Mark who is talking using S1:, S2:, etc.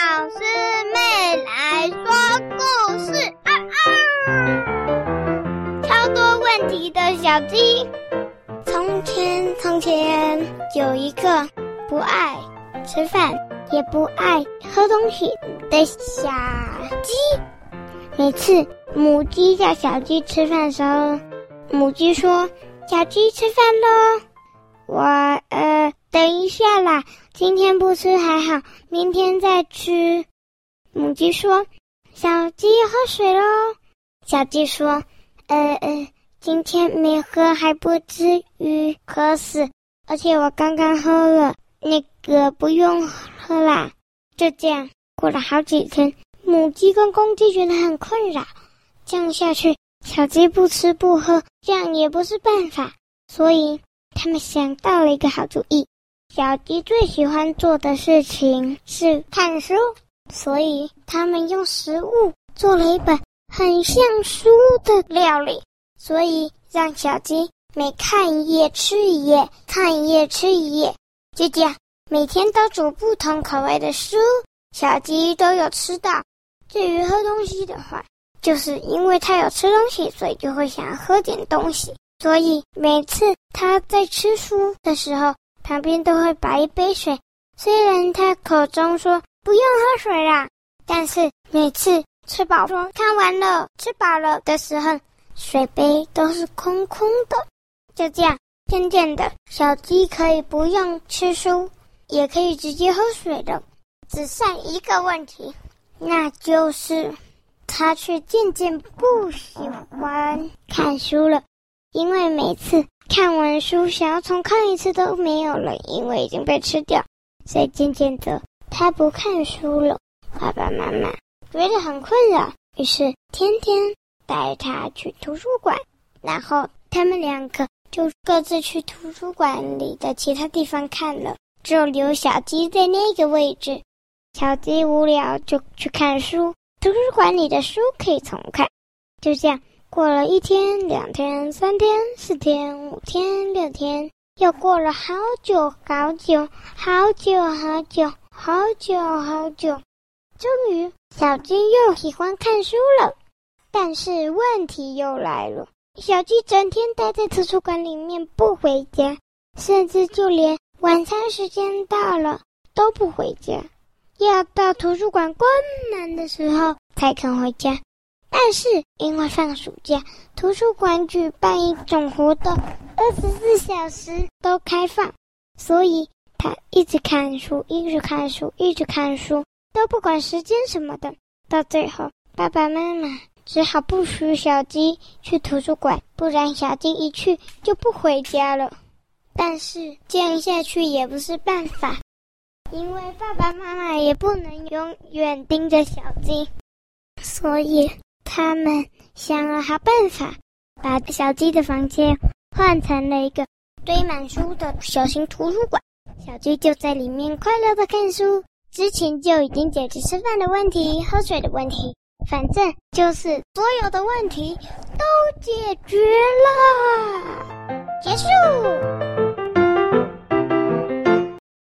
S1: 小獅妹來說故事，二二。超多問題的小雞。從前，從前有一個不愛吃飯也不愛喝東西的小雞。每次母雞叫小雞吃飯的時候，母雞說：“小雞吃飯嘍。”我呃，等一下啦，今天不吃還好，明天再吃。母雞說：“小雞喝水嘍。”小雞說：“呃呃，今天沒喝還不至於渴死，而且我剛剛喝了，那個不用喝啦。”就這樣過了好幾天，母雞跟公雞覺得很困擾，這樣下去小雞不吃不喝，這樣也不是辦法，所以。他們想到了一個好主意，小雞最喜歡做的事情是看書，所以他們用食物做了一本很像書的料理，所以讓小雞每看一頁吃一頁，看一頁吃一頁。就這樣，每天都煮不同口味的書，小雞都有吃到。至於喝東西的話，就是因為它有吃東西，所以就會想喝點東西。所以每次他在吃書的時候，旁邊都會擺一杯水。雖然他口中說不用喝水啦，但是每次吃飽了，看完了，吃飽了的時候，水杯都是空空的。就這樣，漸漸的小雞可以不用吃書，也可以直接喝水了。只剩一個問題，那就是他卻漸漸不喜歡看書了。因為每次看完書，想要重看一次都沒有了，因為已經被吃掉。所以漸漸的他不看書了。爸爸媽媽覺得很困擾，於是天天帶他去圖書館。然後他們兩個就各自去圖書館裡的其他地方看了，只有留小雞在那個位置。小雞無聊就去看書，圖書館裡的書可以重看。就這樣。過了一天，兩天，三天，四天，五天，六天，又過了好久，好久，好久，好久，好久，好久，終於，小雞又喜歡看書了。但是問題又來了，小雞整天待在圖書館裡面不回家，甚至就連晚餐時間到了都不回家，要到圖書館關門的時候才肯回家。但是因為放暑假，圖書館舉辦一種活動，二十四小時都開放，所以他一直看書，一直看書，一直看書，都不管時間什麼的。到最後，爸爸媽媽只好不許小雞去圖書館，不然小雞一去就不回家了。但是這樣下去也不是辦法，因為爸爸媽媽也不能永遠盯着小雞，所以。他們想了好辦法，把小雞的房間換成了一個堆滿書的小型圖書館。小雞就在裡面快樂地看書，之前就已經解決吃飯的問題、喝水的問題，反正就是所有的問題都解決了。結束。